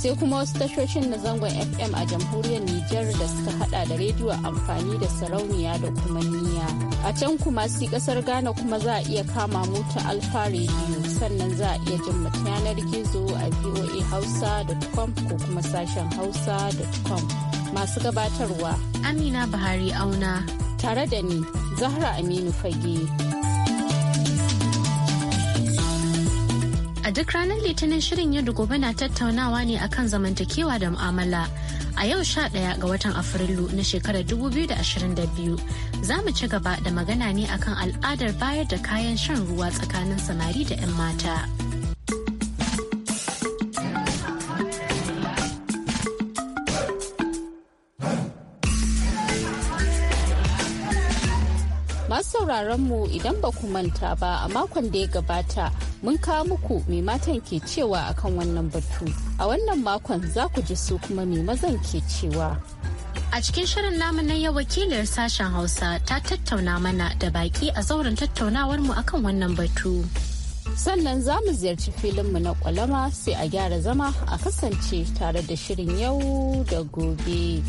sai kuma wasu tashoshin na zangon fm a jamhuriyar nijar da suka hada da rediyo amfani da sarauniya da kuma niya a can kuma si kasar ghana kuma za a iya kama mota alfa rediyo sannan za a iya jin yanar gizo a voa hausa.com ko kuma sashen hausa.com masu gabatarwa amina buhari auna tare da ni zahra aminu fage A duk ranar Litinin shirin yadda gobe na tattaunawa ne akan zamantakewa da mu'amala. A yau sha ɗaya ga watan Afrilu na shekarar 2022 za mu ci gaba da magana ne akan al'adar bayar da kayan shan ruwa tsakanin samari da 'yan mata. sauraron mu idan ba ku manta ba a makon da ya gabata mun kawo muku mai matan ke cewa akan wannan batu. A wannan makon za ku ji su kuma mai mazan ke cewa. A cikin shirin namu na yau wakilar sashen Hausa ta tattauna mana da baki a zauren tattaunawar mu akan wannan batu. Sannan za mu ziyarci mu na kwalama sai a gyara zama a kasance tare da shirin yau da gobe.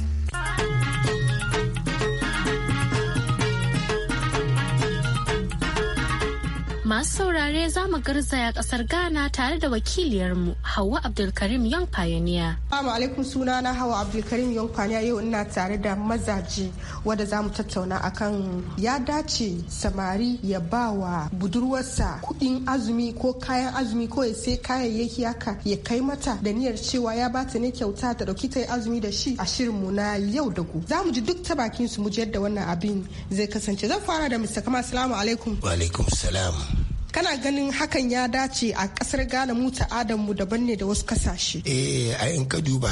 Masu saurare za mu garzaya kasar Ghana tare da wakiliyarmu Hauwa Abdulkarim Young Pioneer. Assalamu alaikum suna na Hauwa Abdulkarim Young Pioneer yau ina tare da mazaje wanda za mu tattauna akan ya dace samari ya ba wa budurwarsa kuɗin azumi ko kayan azumi ko ya sai kayayyaki haka ya kai mata da niyyar cewa ya bata ne kyauta ta dauki ta azumi da shi a shirinmu na yau da ku. Za mu ji duk ta bakin su mu ji yadda wannan abin zai kasance. Zan fara da Mr. Kama Assalamu alaikum. Wa alaikum salam. kana ganin hakan ya dace a kasar ghana mu mu daban ne da wasu kasashe eh a in ka duba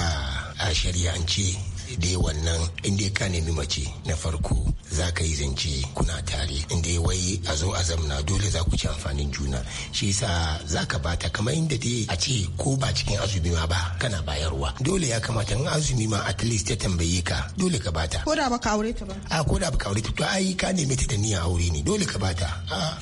a shari'ance dai wannan inda ka nemi mace na farko za ka yi zance kuna tare inda wai a zo a zamna dole za ku ci amfanin juna shi yasa za ka bata kamar inda dai a ce ko ba cikin azumi ma ba kana bayarwa dole ya kamata in azumi ma at least ta tambaye ka dole ka bata ko da ba ka aure ta ba a ko da ba ka aure ta to ai ka neme ta da a aure ne dole ka bata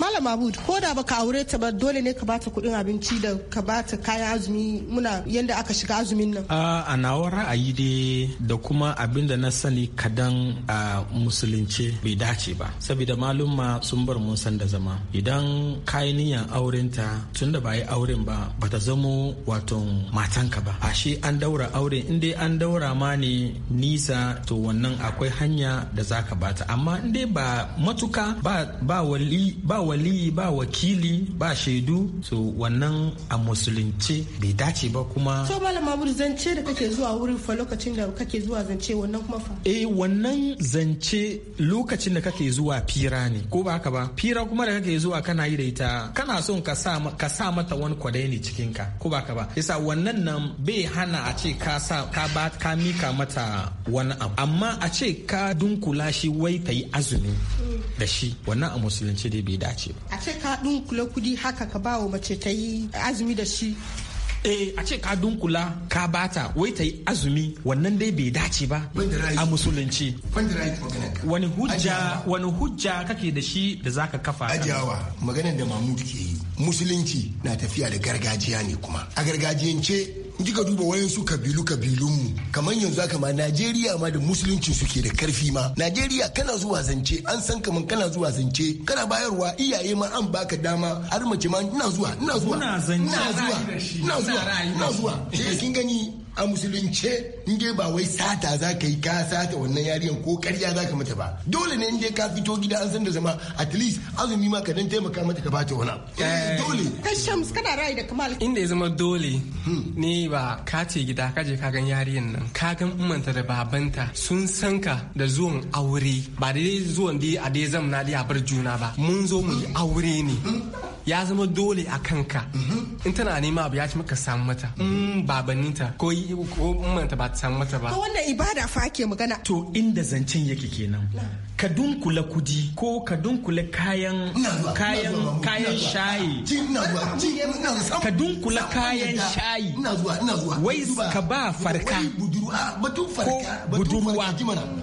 malam abud ko da ba ka aure ta ba dole ne ka bata kudin abinci da ka bata kayan azumi muna yanda aka shiga azumin nan a nawa ra'ayi dai da kuma abin da na sani kadan a musulunci ce bai dace ba saboda ma sun bar mun san da zama idan kayi niyan auren ta tun da ba yi auren ba ba ta zamo wato ka ba a shi an daura auren in dai an daura ma ne nisa to wannan akwai hanya da zaka bata amma in dai ba matuka ba ba wali ba wali ba wakili ba shaidu to wannan a musulunce bai dace ba kuma so malam mamudu zance da kake zuwa wurin fa lokacin da kake zuwa zance wannan kuma fa eh wannan zance lokacin da kake zuwa fira ne ko ba haka ba fira kuma da kake zuwa kana yi da ita kana son ka sa mata wani kwadai ne cikin ka ko ba haka ba yasa wannan nan bai hana a ce ka sa ka ba ka mika mata wani abu amma a ce ka dunkula shi wai ta yi azumi da shi wannan a musulunci dai bai dace ba a ce ka dunkula kudi haka ka ba wa mace ta yi azumi da shi eh a ce ka dunkula ka bata wai ta yi azumi wannan dai bai dace ba a musulunci wani hujja wani hujja kake da shi da zaka kafa ajawa maganar da mamud ke yi musulunci na tafiya da gargajiya ne kuma a gargajiyance in kika duba wayansu kabilu kabilunmu kamar yanzu haka ma Najeriya ma da musulunci suke da karfi ma Najeriya kana zuwa zance an san kaman kana zuwa zance kana bayarwa iyaye ma an baka dama har mace ma ina zuwa ina zuwa ina zuwa ina zuwa ina zuwa eh, kin gani a musulunce in dai ba wai sata za ka yi ka sata wannan yariyan ko karya za ka mata ba dole ne in dai ka fito gida an san da zama at least azumi ma ka dan taimaka mata ka bata wani eh. dole kai shams kana rai da kamal inda ya zama dole hmm. ne ba ka ce gida ka je ka gan yariyan nan ka gan umanta da babanta sun san ka da zuwan aure ba dai zuwan dai a dai zamna dai a bar juna ba mun zo mu yi aure ne hmm. ya zama dole a kanka in tana nema abu ya ci maka samu mata mm-hmm. mm, babaninta ko umanta ba ta samu mata ba wannan ibada fa ake magana to inda zancen yake kenan ka dunkula kudi ko ka dunkula kayan kayan kayan shayi ka dunkula kayan shayi wai ka ba farka ah, ko budurwa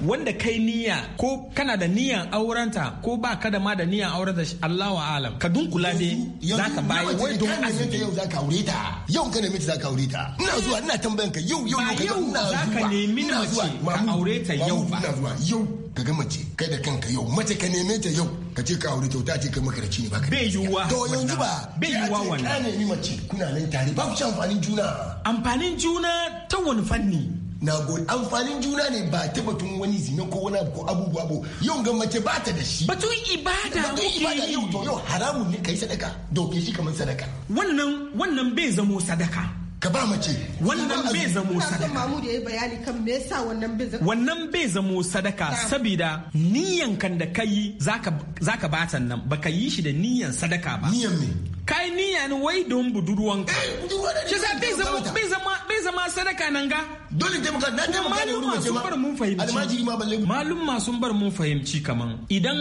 wanda kai niyya ko kana da niyan aurenta ko ba ka da ma da niyan aurenta Allahu alam ka dunkula dai za ka bayi wai don azumi yau za ka aure ta yau ka nemi ta za ka aure ta ina zuwa ina tambayan ka yau yau ka yau za ka nemi mace ka aure ta yau ba yau ka ga mace kai da kanka yau mace ka neme ta yau ka ce ka aure ta ta ce kai makarci ne ba ka bai yiwuwa to yanzu ba bai yiwuwa wannan ka nemi mace kuna nan tare ba ku ci amfanin juna amfanin juna ta wani fanni na gode amfanin juna ne ba ta batun wani zina ko wani ko abubuwa ba yau ga mace ba ta da shi batun ibada batun ibada yau to yau haramun ne kai sadaka doke shi kamar sadaka wannan wannan bai zamo sadaka ka ba mace wannan bai zamo sadaka Mahmud yayi bayani kan me yasa wannan bai zamo wannan bai zamo sadaka saboda niyan kan da kai zaka zaka batan nan baka yi shi da niyan sadaka ba niyan me kai niya ni wai don budurwanka eh, shi sa bai zama bai zama bai zama sadaka nan ga dole taimaka na taimaka ne wurin mace ma mun fahimci almajiri ma balle malum sun bar mun fahimci kaman idan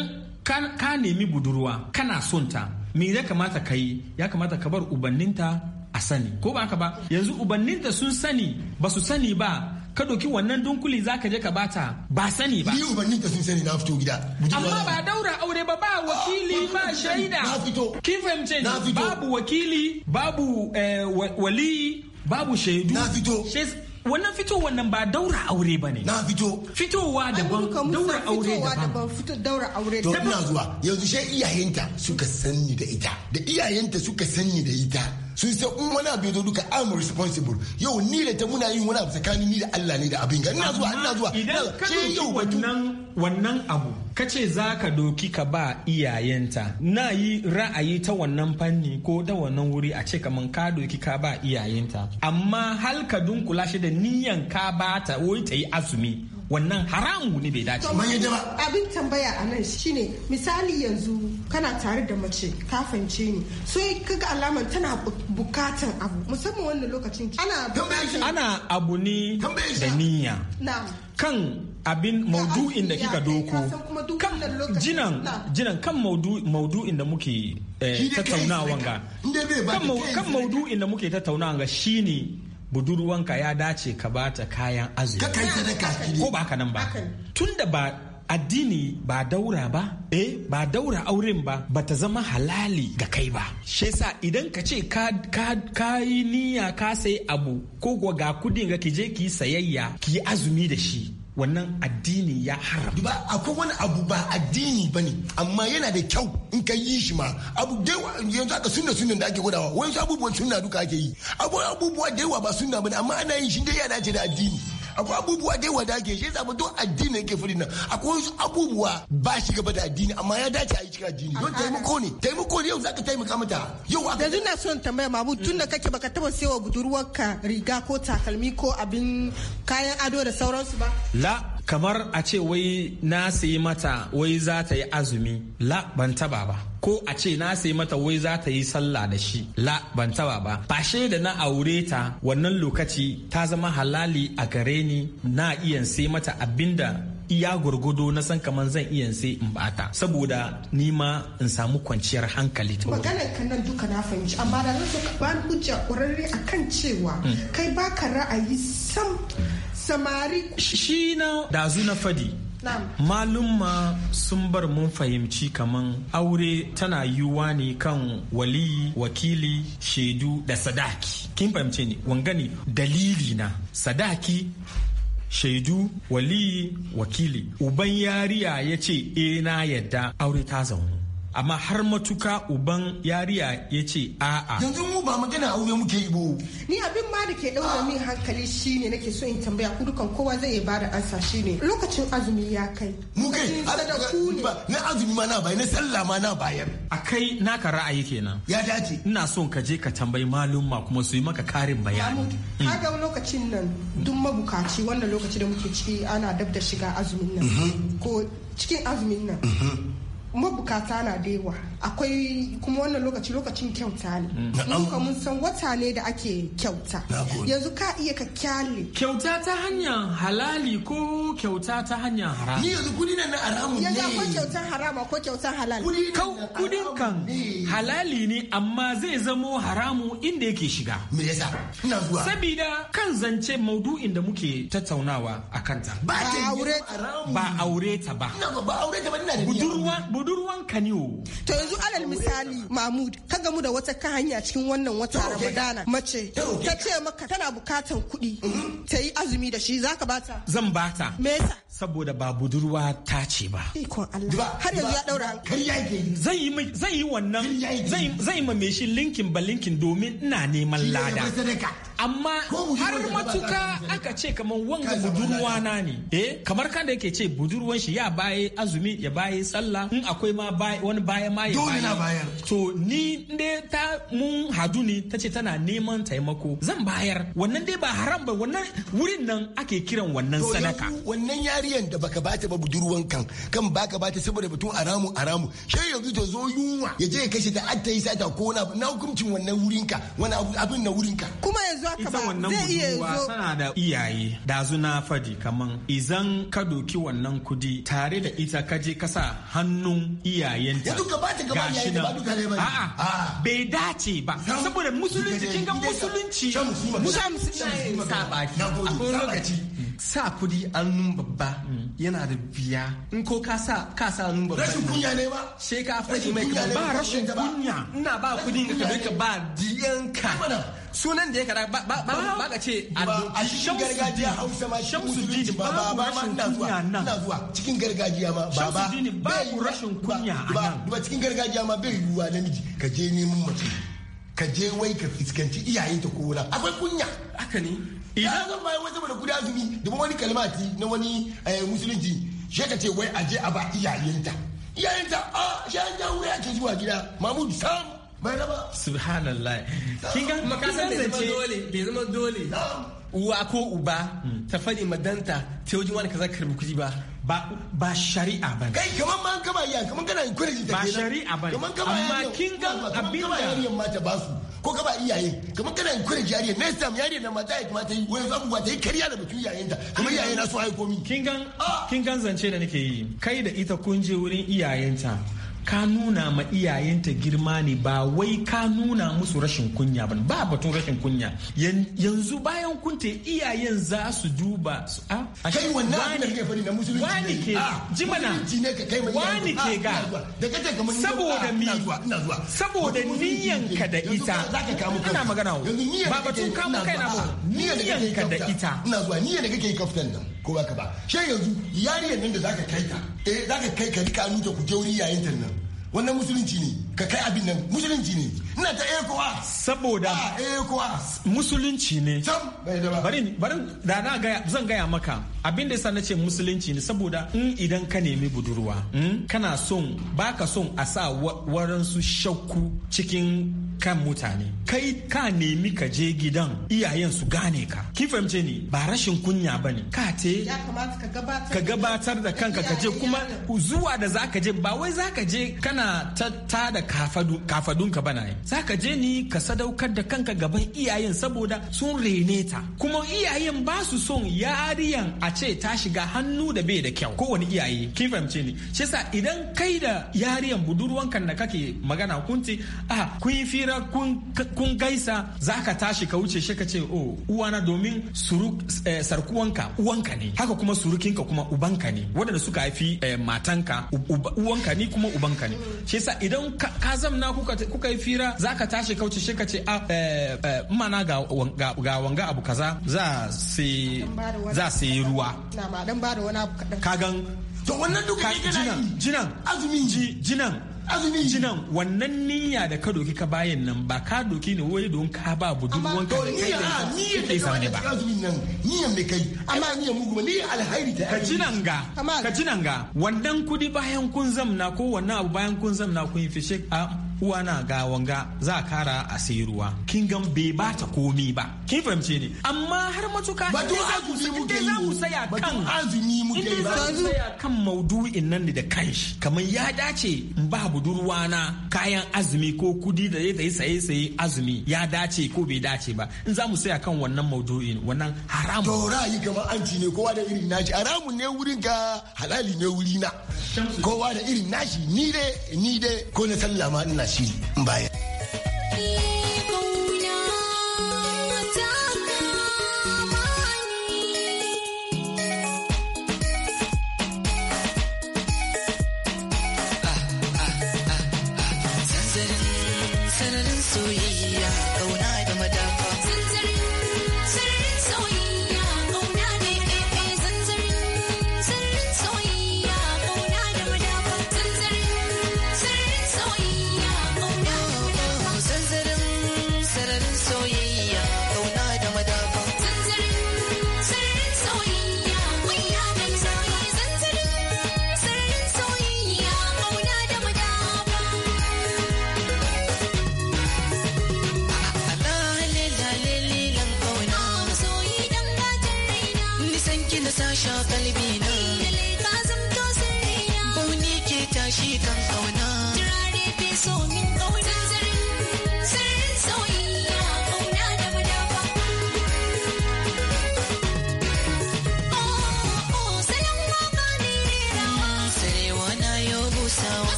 ka nemi budurwa kana son ta me ya kamata ka yi ya kamata ka bar ubanninta a sani ko ba ka ba yanzu ubanninta sun sani ba su sani ba ka doki wannan dunkuli za ka je ka bata ba sani ba. Ni ubannin ka sun sani na fito gida. Amma ba daura aure ba ba ah, wakili ba shaida. Na fito. Kin fahimce ni babu wakili babu eh, wali babu shaidu. Na fito. wannan fito wannan ba daura aure ba ne na fito fitowa daban daura aure daban fito daura aure daban to ina zuwa yanzu sai iyayenta suka sani da ita da iyayenta suka sani da ita sun sai in wani abu ya zo duka I'm responsible yau ni da ta muna yin wani abu tsakanin ni da Allah ne da abin ga ina zuwa ina zuwa idan ka yau wannan wannan abu ka ce za ka doki ka ba iyayenta na yi ra'ayi ta wannan fanni ko ta wannan wuri a ce kamar ka doki ka ba iyayenta amma hal ka dunkula shi da niyan ka ba ta wai ta yi azumi wannan haramu ne bai dace ba abin tambaya a nan shine misali yanzu kana tare da mace kafance fahimce ni so kaga alamar tana bukatan abu musamman wannan lokacin ana ana abu ne da niyya kan abin maudu'in da kika doko kan jinan jinan kan maudu'in da muke eh, tattaunawa ga kan maudu'in da muke tattaunawa ga shine budurwanka ya dace ka ba ta kayan azumi ka kai ko ba haka nan ba Tun da ba addini ba daura ba eh ba daura auren ba ba ta zama halali ga kai ba shi yasa idan ka ce ka ka yi niyya ka sai abu ko ga kudin ga ki je ki sayayya ki azumi da shi wannan addini ya haram ba akwai wani abu ba addini ba ne amma yana da kyau in ka yi shi ma abu daiwa yanzu aka sunna sunna da ake gudawa wani abubuwan sunna duka ake yi abubuwa daiwa ba sunna ba ne amma ana yin shi dai ya dace da addini akwai abubuwa da yawa da ake shi yasa duk addini yake furi nan akwai wasu abubuwa ba shi gaba da addini amma ya dace a yi cikin addini don taimako ne taimako ne yau ka taimaka mata yau aka yanzu na son tambaya mabu tun da kake baka taba budurwar ka riga ko takalmi ko abin kayan ado da sauransu ba la kamar a ce wai na sayi mata wai za ta yi azumi la ban taba ba ko a ce na sayi mata wai za ta yi sallah da shi la ban taba ba fashe da na aure ta wannan lokaci ta zama halali a gare ni na iya sai mata abinda iya gurgudo na san kamar zan iya sai in bata saboda ni ma in samu kwanciyar hankali ta magana kan nan duka na fahimci amma da nan ka ba hujja ƙwararre akan cewa mm. kai baka ra'ayi sam samari shi na dazu na fadi malumma sun bar mun fahimci kaman aure tana yiwuwa ne kan wali wakili shaidu da sadaki kin fahimce ne wangani dalili na sadaki shaidu wali wakili uban yariya ya ce e na yadda aure ta zaunu amma har matuka uban yariya ya ce a'a yanzu mu ba magana aure muke yi ni abin ma da ke ɗaura min hankali shine nake so in tambaya ku dukan kowa zai ba bada ansa shine lokacin azumi ya kai mu kai na azumi ma na bayar na sallah ma na bayar akai naka ra'ayi kenan ya dace ina son ka je ka tambayi ma kuma su yi maka karin bayani kaga lokacin nan duk mabukaci wannan lokaci da muke ciki ana dab da shiga azumin nan mhm. ko cikin azumin nan mhm. mabukata na da yawa akwai kuma wannan lokaci lokacin kyauta ne mm. mun ka mun san wata ne da ake kyauta yanzu ka iya ka kyale kyauta ta hanyar halali ko kyauta ta hanyar haram ni yanzu kudi na haramu ne yanzu akwai kyautan haram akwai kyautan halal kudin kan halali ne amma zai zamo haramu inda yake shiga me yasa ina zuwa sabida kan zance maudu'in da muke tattaunawa akan ta ba aure ta ba ba aure ta ba ina ba aure ta ba ina da budurwa budurwar kaniwo. To yanzu alal misali Mahmud ka gamu da wata ka hanya cikin wannan wata Ramadana mace ta ce maka tana bukatan kuɗi mhm. ta yi azumi da shi zaka bata. Zan bata. Me yasa? Saboda ba budurwa ta ce ba. Ikon Allah. Har yanzu ya daura hankali. Zan yi zan yi wannan zan yi ma me shi linkin ba linkin domin ina neman lada. amma har matuka aka ce kamar wanga budurwa na ne eh kamar kan da yake ce budurwan shi ya baye azumi ya baye sallah in akwai ma wani baye ma ya baye to ni ne ta mun hadu ne ta ce tana neman taimako zan bayar wannan dai ba haram ba wannan wurin nan ake kiran wannan sadaka wannan yariyan da baka bata ba budurwan kan kan baka bata saboda batun aramu aramu sai yanzu ta zo yunwa ya je ya kashe ta atta yi sata ko na hukuncin wannan wurinka wani abin na wurinka kuma yanzu ita wannan zai iya tana da iyaye da zuna fadi kaman izan ka doki wannan kudi tare da ita ka je ka sa hannun iyayenta yanzu gaba ta gaba shi ba duka ne ba a'a bai dace ba saboda musulunci kin ga musulunci shamsu shamsu sa baki akwai lokaci sa kudi annun babba mm. yana da biya in ko ka sa ka babba rashin kunya ne ba she ka fadi mai ka ba rashin kunya ina ba kudin ka ka ba diyan ka sunan da ya kada ba ba ka ce a cikin gargajiya Hausa ma shamsu dini ba ba ba ma kunya nan cikin gargajiya ma ba ba babu rashin kunya a nan cikin gargajiya ma bai yiwuwa namiji ka je neman mutum. ka je wai ka fuskanci iyayenta ko wani akwai kunya haka ne idan zan bayan wani saboda guda azumi da wani kalmati na wani eh, musulunci shi ka ce wai a je a ba iyayenta iyayenta a shi an jawo ya ke zuwa gida mahmud sam bai raba subhanallah kin ga makasan da zama dole bai zama dole uwa ko uba hmm. ta faɗi madanta ta wajen wani kaza karbi kuɗi ba ba shari'a ba kai kaman ma an kaba iya kaman kana encourage ta ba shari'a ba amma kin ga abin da yamma ta basu ko ka ba iyaye kamar kana encourage yariya ne sam yariya na mata ya kamata yi wani zaku ta yi kariya da batun iyayenta kamar iyaye na so haiko komi ah! kin gan zance da nake yi kai da ita kun je wurin iyayenta ka nuna ma iyayenta girma ne ba wai ka nuna musu rashin kunya ba ba batun rashin kunya yanzu bayan kunta iyayen za su duba su a kai wannan abin da kake fari na musulunci wani ke jimana wani ke ga saboda mi saboda niyan ka da ita ina magana ba batun kamu kai na ba niyan ka da ita ina zuwa niyan da kake kaftan nan ko haka ba shi yanzu yariyar nan da zaka kai ka eh zaka kai ka rika nuta ku jauri yayin nan wannan musulunci ne ka kai abin nan musulunci ne ina ta ekowa saboda musulunci ne bari bari da na zan gaya maka abin da yasa na ce musulunci ne saboda in idan ka nemi budurwa hmm, kana son baka son a sa waransu shakku cikin kan mutane kai ka nemi ka je gidan iyayen su gane ka kin fahimce ni ba rashin kunya ba ne ka te ka gabatar da kanka ka je kuma zuwa da zaka je ba wai zaka je kana ta da da kafadunka bana yi za ka je ni ka sadaukar da kanka gaban iyayen saboda sun rene ta kuma iyayen ba su son yariyan a ce ta shiga hannu da bai da kyau kowane iyaye kin fahimce ni shi yasa idan kai da yariyan budurwankan da kake magana kunti a ah, kun yi fira kun gaisa za ka tashi ka wuce shi ka ce o oh, uwana domin eh, sarkuwanka uwanka ne haka kuma surukinka kuma ubanka ne waɗanda suka haifi eh, matanka uwanka ne kuma ubanka ne shi idan ka ka na kuka yi fira za ka tashi kauce shi ka ce a ah, mana eh, eh, ga wanga abu kaza za su yi ruwa ka gan to wannan duk jinan jinan azumin ji. jinan azumi jinan wannan niyya da ka doki ka bayan nan ba ka doki ne wai don ka ba duk wanka da kai da kai da ne ba azumin nan niyya mai kai amma niyya mu kuma niyya alhairi ta ka jinan ga ka jinan ga wannan kudi bayan kun zamna ko wannan abu bayan kun zamna kun yi fishe a uwana ga wanga za a kara a sayi ruwa kin gan bai ba ta komi ba kin fahimce ne amma har matuka ba to azumi muke yi za mu saya kan azumi mu yi ba kan maudu'in nan da kanshi kamar ya dace in ba budurwa na kayan azumi ko kudi da zai saye saye azumi ya dace ko bai dace ba in za mu tsaya kan wannan maudu'in wannan haramun to ra'ayi gaba anti ne kowa da irin nashi haramun ne wurin ka halali ne wuri na kowa da irin nashi ni dai ni dai ko na sallama ina shiri in baya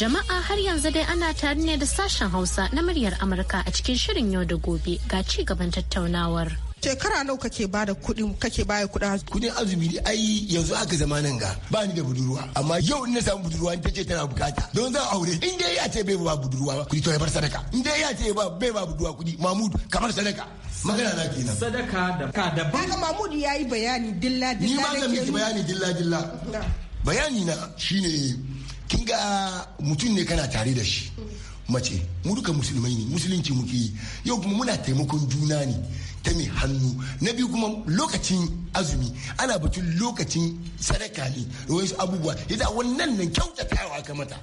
Jama'a har yanzu dai ana tare ne da sashen Hausa na muryar Amurka a cikin shirin yau da gobe ga ci gaban tattaunawar. shekara nawa kake ba da kuɗin kake baya kuɗin kuɗin azumi ne ai yanzu aka zamanin ga ba ni da budurwa amma yau in na samu budurwa ta ce tana bukata don zan aure in dai ya ce bai ba budurwa kuɗi to ya bar sadaka in dai ya ce bai ba budurwa kuɗi mamudu kamar sadaka magana na kenan sadaka da ka da ba mamudu yayi bayani dilla dilla ni ma zan miki bayani dilla dilla bayani na shine kin ga mutum ne kana tare da shi mace mu duka musulmai ne musulunci muke yi yau kuma muna taimakon juna ne ta mai hannu na biyu kuma lokacin azumi ana batun lokacin sadaka ne wasu abubuwa yadda wannan nan kyautatawa ka mata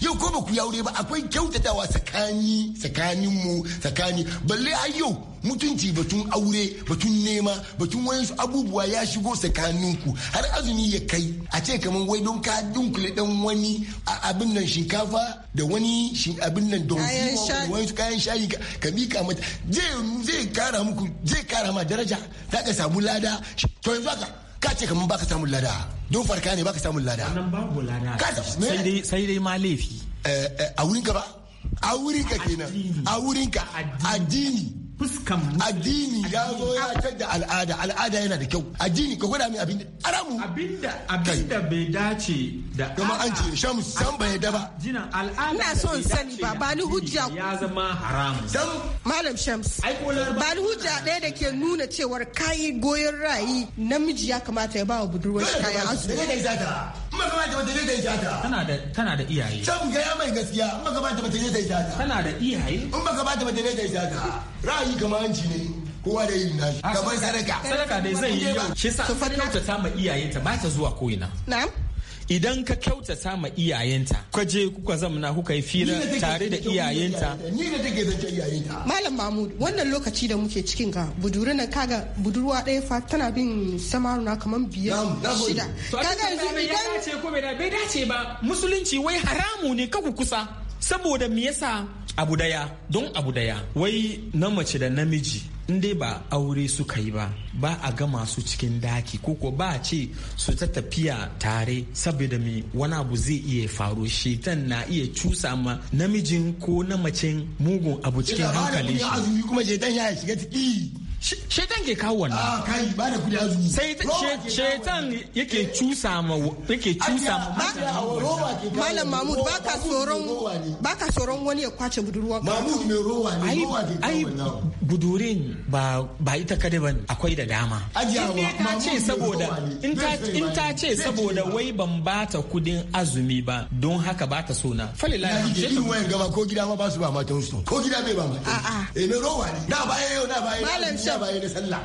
yau ko ba ku aure ba akwai kyautatawa tsakani tsakanin mu tsakani balle har yau mutunci batun aure batun nema batun wayansu abubuwa ya shigo tsakaninku har azumi ya kai a ce kamar wai don ka dunkule dan wani abin nan shinkafa da wani abin nan don wani su kayan shayi ka ka mata zai kara muku zai kara ma daraja za ka samu lada to yanzu ka ce kamar baka samu lada don farka ne baka samun lada wannan babu lada sai dai sai dai ma laifi eh, eh, a wurinka ba a wurinka kenan a wurinka addini fuskan addini ya zo ya tar da al'ada al'ada yana da kyau addini ka gwada mai abinda aramu abinda abinda bai dace da kuma an ce shamu san bai da ba jinan al'ada ina so in sani ba ba ni hujja ya zama haram dan malam shams ba ni hujja ɗaya da ke nuna cewar kayi goyon rayi namiji ya kamata ya ba wa budurwar kayan asu maka ba ta bata zai ta ta tana da tana da iyaye can ga ya mai gaskiya in maka ba ta bata zai ta ta tana da iyaye in maka ba ta bata zai ta ta ra'ayi kamar hanci ne kowa da yin nashi kamar sadaka sadaka dai zai yi yau shi yasa ta kyautata ma iyaye ta ba ta zuwa ko ina na'am idan ka kyauta sama iyayenta ka je kuka zamna kuka yi fira tare da iyayenta ni da take zance iyayenta malam mahmud wannan lokaci da muke cikin ka budure na kaga budurwa ɗaya fa tana bin samaruna kamar biyar shida kaga yanzu idan bai dace ba musulunci wai haramu ne kaku kusa saboda me yasa abu daya don abu daya wai na mace da namiji in dai ba aure suka yi ba ba a gama su cikin daki ko ko ba a ce su ta tafiya tare saboda mai wani abu zai iya faru shetan na iya cusa ma namijin ko na macen mugun abu cikin hankali shi kuma shetan ya shiga ciki shaitan ke kawo wannan a ah, kai ba da kudi azumi sai shaitan yake eh. cusa ma yake cusa ma malam mahmud ba ka tsoron ba ka tsoron wani ya kwace budurwa mahmud mai rowa ne rowa ke ai budurin ba ba ita kada bane akwai da dama ajiyawa ta ce saboda in ta ce saboda wai ban bata kudin azumi ba don haka ba ta sona falila ya ce ta gaba ko gida ma ba su ba matan su ko gida bai ba matan eh mai rowa ne da ba yau da ba yau da ba da sallah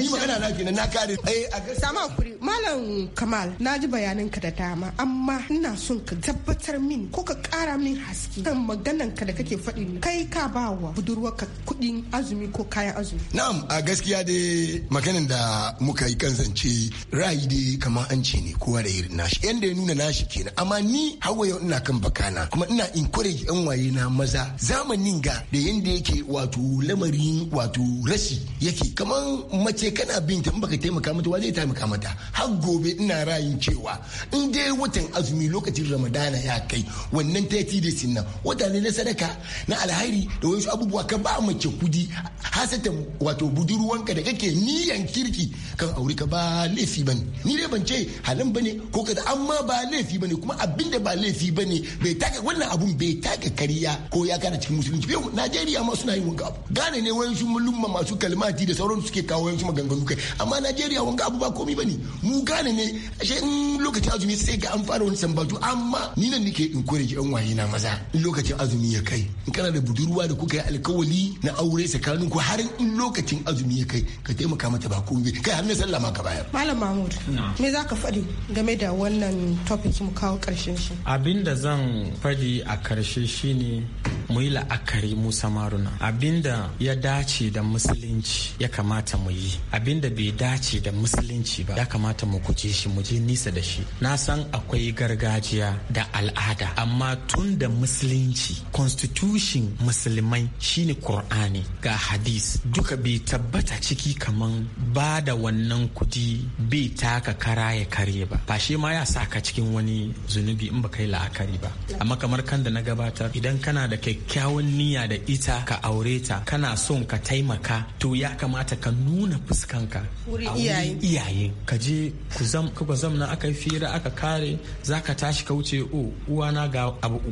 ni magana na kenan na kare eh a sama kuri malam kamal na ji bayanan ka da dama amma ina son ka tabbatar min ko ka kara min haske kan maganan ka da kake faɗi kai ka ba wa budurwar ka kuɗin azumi ko kayan azumi na'am a gaskiya dai maganan da muka yi kan zance ra'ayi dai kamar an ce ne kowa da irin nashi yanda ya nuna nashi kenan amma ni hawa yau ina kan bakana kuma ina encourage yan waye na maza zamanin ga da yanda yake wato lamarin wato rashi ya take kamar mace kana bin ta baka taimaka mata wa zai taimaka mata har gobe ina rayin cewa in dai watan azumi lokacin ramadana ya kai wannan ta yi da nan wata ne na sadaka na alhairi da wasu abubuwa ka ba mace kudi hasata wato budurwanka da kake niyan kirki kan aure ka ba laifi ne ni dai ban ce halin bane ko kaza amma ba laifi ne kuma abinda ba laifi ne bai taka wannan abun bai taka kariya ko ya kana cikin musulunci yau Najeriya ma suna yin wanka abu gane ne wani su mulumma masu kalma sati da sauran suke kawo yanzu maganganu kai amma najeriya wanga abu ba komi bane mu gane ne ashe in lokacin azumi sai ga an fara wani sambatu amma ni nan nake in kore yan waye na maza in lokacin azumi ya kai in kana da budurwa da kuka yi alkawali na aure tsakanin ku har in lokacin azumi ya kai ka taimaka mata ba komi kai har na sallah ma ka bayar malam mahmud me za ka faɗi game da wannan topic mu kawo karshen shi abin da zan faɗi a karshe shine mu yi la'akari musamman maruna abin da ya dace da musulunci ya kamata mu yi abin da bai dace da musulunci ba ya kamata mu guje shi mu je nisa da shi na san akwai gargajiya da al'ada amma tun da musulunci constitution musulmai shine qur'ani ga hadis duka bai tabbata ciki kaman ba da wannan kudi bai taka kara ya karye ba ba shi ma ya sa ka cikin wani zunubi in ba kai la'akari ba amma kamar kan da na gabatar idan kana da kyakkyawan niyya da ita ka aure ta kana son ka taimaka to ya kamata ka nuna fuskanka a iyaye ka je ku zamna aka yi fira aka kare za ka tashi ka wuce o oh, uwana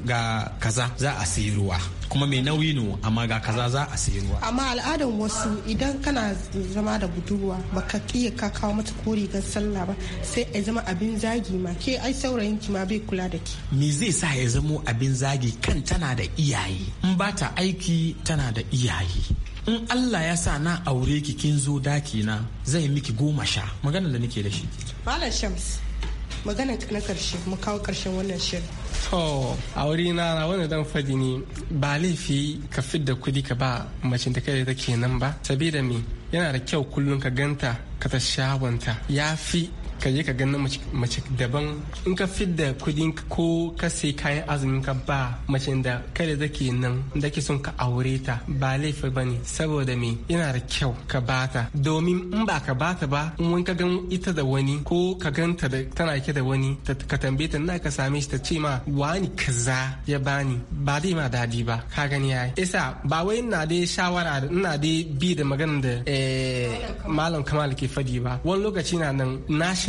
ga, kaza za a sayi ruwa kuma mai nauyi ne amma ga kaza za a sayi ruwa amma al'adar wasu idan kana zama da budurwa baka kiya ka kawo mata ko rigar sallah ba sai a zama abin zagi ma ke ai saurayin ki ma bai kula da ki me zai sa ya zamo abin zagi kan tana da iyaye in ba ta aiki tana da iyaye in Allah ya sa na aure ki kin zo daki na zai miki goma sha magana da nake da shi Malam Shams magana na karshe mu kawo karshen wannan shirin to aure na na wani dan fadi ne ba laifi ka fidda kudi ka ba mace da kai da take nan ba sabida me yana da kyau kullum ka ganta ka ta shawanta ya fi ka je ka ganin mace daban in ka fidda kudin ko ka sai kayan azumin ka ba mace da kada zake nan da ke son ka aure ta ba laifi ba ne saboda me yana da kyau ka bata domin in ba ka bata ba in wani ka gan ita da wani ko ka ganta da tana ke da wani ka tambaye ta na ka same shi ta ce ma wani kaza ya bani ba zai ma dadi ba ka gani yi isa ba wai ina dai shawara ina dai bi da magana da eh, malam kamal ke fadi ba wani lokaci na nan na shi.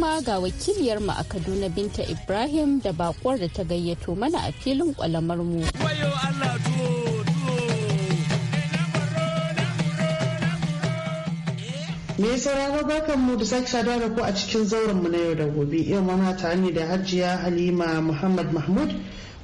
kuma ga wakiliyarmu a Kaduna Binta Ibrahim da bakwar da ta gayyato mana a filin kwalamarmu. Me sauraro barkan mu da sake saduwa da ku a cikin zauren mu na yau da gobe. Yau mana mata ne da Hajiya Halima Muhammad Mahmud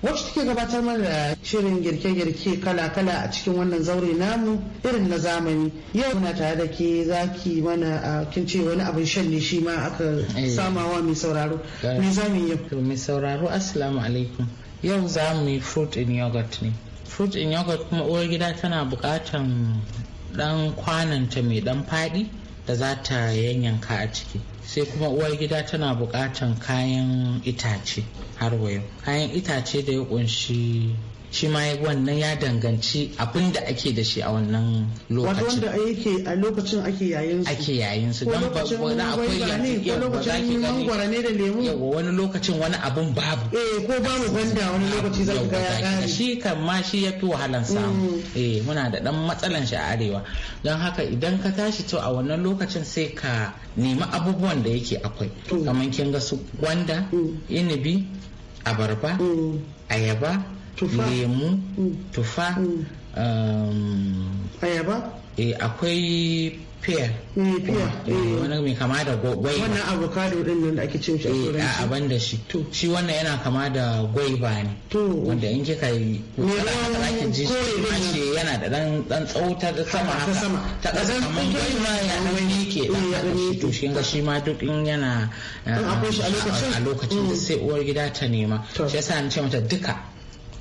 wacce take gabatar mana da shirin girke-girke kala-kala a cikin wannan zaure namu irin na zamani yau muna tare da ke zaki mana kin ce wani abin shan ne shi ma aka eh. samawa mai sauraro me zamu yau mai sauraro assalamu alaikum yau za mu yi fruit in yogurt ne fruit in yogurt kuma uwar gida tana bukatan dan kwananta mai dan faɗi da za ta yanyanka a ciki sai kuma uwar gida tana buƙatan kayan itace har wayo kayan itace da ya kunshi shi ma wannan ya danganci abin da ake da shi a wannan lokacin wanda yake a lokacin ake yayin su ake yayin su dan ba wani akwai ko lokacin mangwara ne da lemu yawa wani lokacin wani abun babu eh ko babu banda wani lokaci za ka ga ya kare shi kan ma shi ya fi wahalan mm. samu eh muna da dan matsalan shi a arewa don haka idan ka tashi to a wannan lokacin sai ka nemi abubuwan da yake akwai mm. kamar kin ga su gwanda mm. inibi abarba ayaba lemu mm. tufa mm. Um, ayaba eh, akwai pear eh, eh, mm. wani mai kama da gwai wannan avocado din nan da ake cin shi a abin da shi to shi wannan yana kama da gwaiba ne wanda in kika yi kutsala haka ake ji shi yana da dan dan tsauta da sama haka ta kasa kamar gwaiba ya dan miƙe dan haka shi to shi ga shi ma duk in yana a lokacin da sai uwar gida ta nema shi yasa an ce mata duka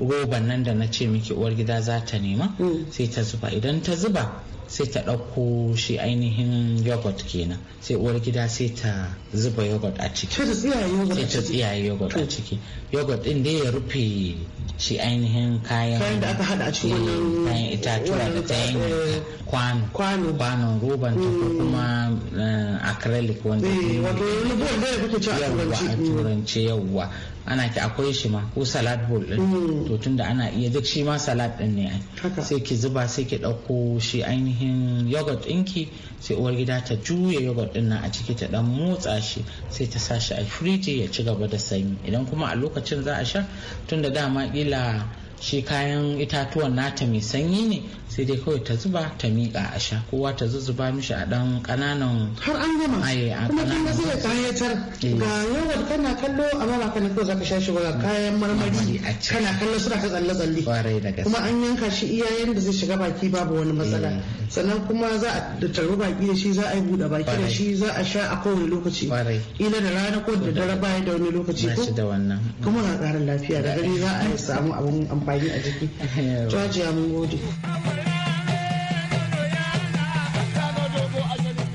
roban nan da na ce miki uwar gida za ta nema mm. sai ta zuba idan ta zuba sai ta ɗauko shi ainihin yogurt kenan sai uwar gida sai ta zuba yogurt a ciki sai ta tsiyaye yogurt a ciki yogurt din dai ya rufe shi ainihin kayan Kayan da aka hada a cikin kayan itatuwa da ta yanka eh, kwano kwanon roban ta mm. kuma eh, acrylic wanda ke eh, yawwa a mm. turance yawwa ana ki akwai shi ma ko salad bowl din mm. to tunda ana iya duk shi ma salad din ne sai ki zuba sai ki dauko shi ainihin yogurt ɗinki sai uwar gida ta juya yogurt din nan a ciki ta dan motsa shi sai ta sa shi a firiji ya ci gaba da sanyi idan kuma a lokacin za a sha tunda dama kila shi kayan itatuwan nata mai sanyi ne sai dai kawai ta zuba ta miƙa a sha kowa ta zuzzuba mishi a dan ƙananan. har an gama kuma kin eh. ga sai kayatar ga yawan kana kallo a mara kana kawai zaka sha shi ba kayan marmari kana kallo suna ta tsalle tsalle kuma an yanka shi iyayen da zai shiga baki babu wani matsala eh. sannan kuma za a tarbi baki da shi za a yi buɗe baki da shi za a sha a kowane lokaci ila da rana ko da dare baya da wani lokaci ko kuma ga ƙarin lafiya da gari za a samu abun amfani a jiki. Jajiya mun gode.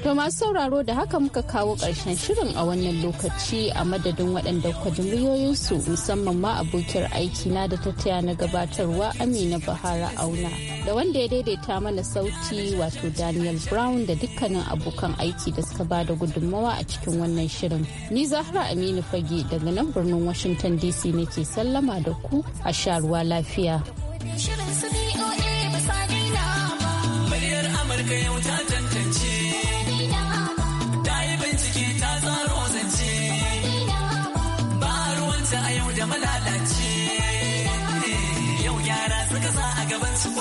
To masu sauraro da haka muka kawo ƙarshen shirin a wannan lokaci a madadin waɗanda kwaji su musamman ma abokiyar aikina da ta taya na gabatarwa Amina Bahara Auna. Da wanda ya daidaita mana sauti wato Daniel Brown da dukkanin abokan aiki da suka ba da gudunmawa a cikin wannan shirin. Ni Zahra Aminu Fage daga nan birnin Washington DC nake sallama da ku a sha ruwa lafiya. Muryar Amurka yau ta